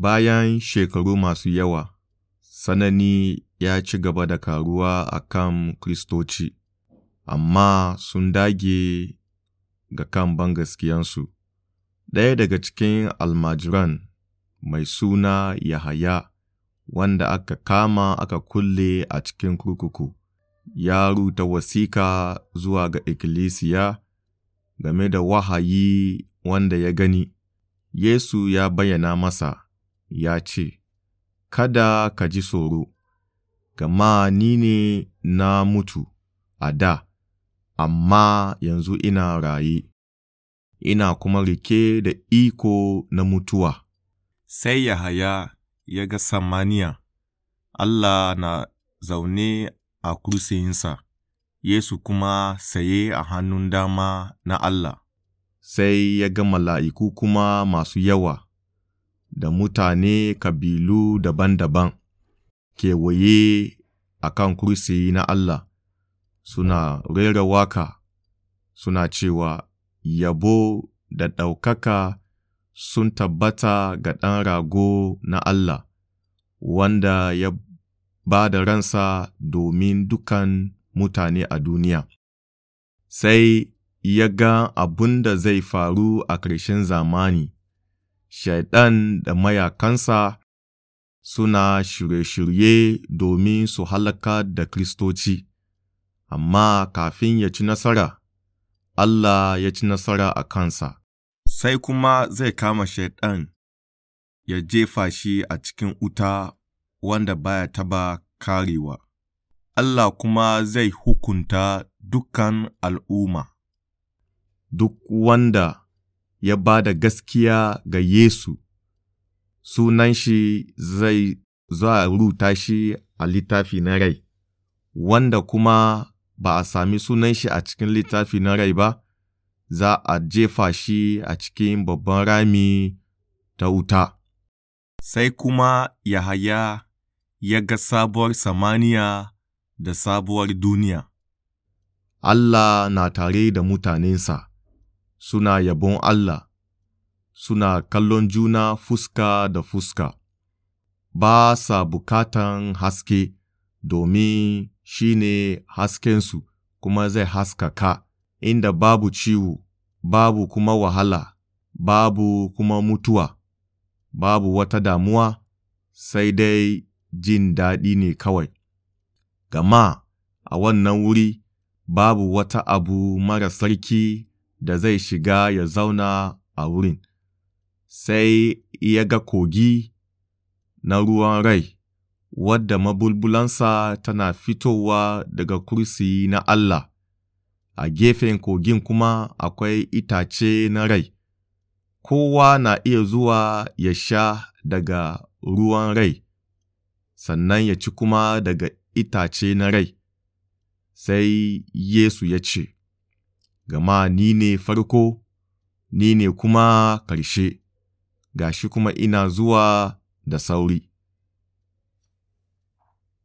Bayan shekaru masu yawa, tsanani ya ci gaba da karuwa a kan Kiristoci, amma sun dage ga kan bangaskiyansu. Ɗaya daga cikin almajiran mai suna Yahaya, wanda aka kama aka kulle a cikin kurkuku, ya ruta wasiƙa zuwa ga ikkilisiya game da wahayi wanda ya gani, Yesu ya bayyana masa. ya ce, Kada ka ji tsoro, gama ni ne na mutu a da, amma yanzu ina raye, ina kuma rike da iko na mutuwa. Sai Yahaya ya ga samaniya, Allah na zaune a kursiyinsa, Yesu kuma saye a hannun dama na Allah. Sai ya ga mala'iku kuma masu yawa. da mutane kabilu daban-daban kewaye a kan kursiyi na Allah, suna rera waka, suna cewa yabo da ɗaukaka sun tabbata ga ɗan rago na Allah, wanda ya ba da ransa domin dukan mutane a duniya. Sai ya ga abun da zai faru a ƙarshen zamani. Shaiɗan da mayakansa suna shirye-shirye domin su halaka da Kiristoci, amma kafin ya ci nasara, Allah ya ci nasara a kansa, sai kuma zai kama Shaiɗan ya jefa shi a cikin wuta wanda baya taba karewa. Allah kuma zai hukunta dukan al'umma, duk wanda ya ba da gaskiya ga Yesu, sunan shi zai za a rubuta shi a littafi na rai, wanda kuma ba a sami sunan shi a cikin littafi na rai ba, za a jefa shi a cikin babban rami ta wuta. Sai kuma Yahaya ya ga sabuwar samaniya da sabuwar duniya. Allah na tare da mutanensa. suna yabon Allah, suna kallon juna fuska da fuska, ba sa bukatan haske domin shi ne haskensu kuma zai haskaka inda babu ciwo, babu kuma wahala, babu kuma mutuwa, babu wata damuwa, sai dai jin daɗi ne kawai. Gama a wannan wuri babu wata abu mara sarki da zai shiga ya zauna a wurin, sai ya ga kogi na ruwan rai, wadda mabulbulansa tana fitowa daga kursi na Allah, a gefen kogin kuma akwai itace na rai, kowa na iya zuwa ya sha daga ruwan rai, sannan ya ci kuma daga itace na rai, sai Yesu ya ce, gama ni ne farko, ni ne kuma ƙarshe, ga shi kuma ina zuwa da sauri.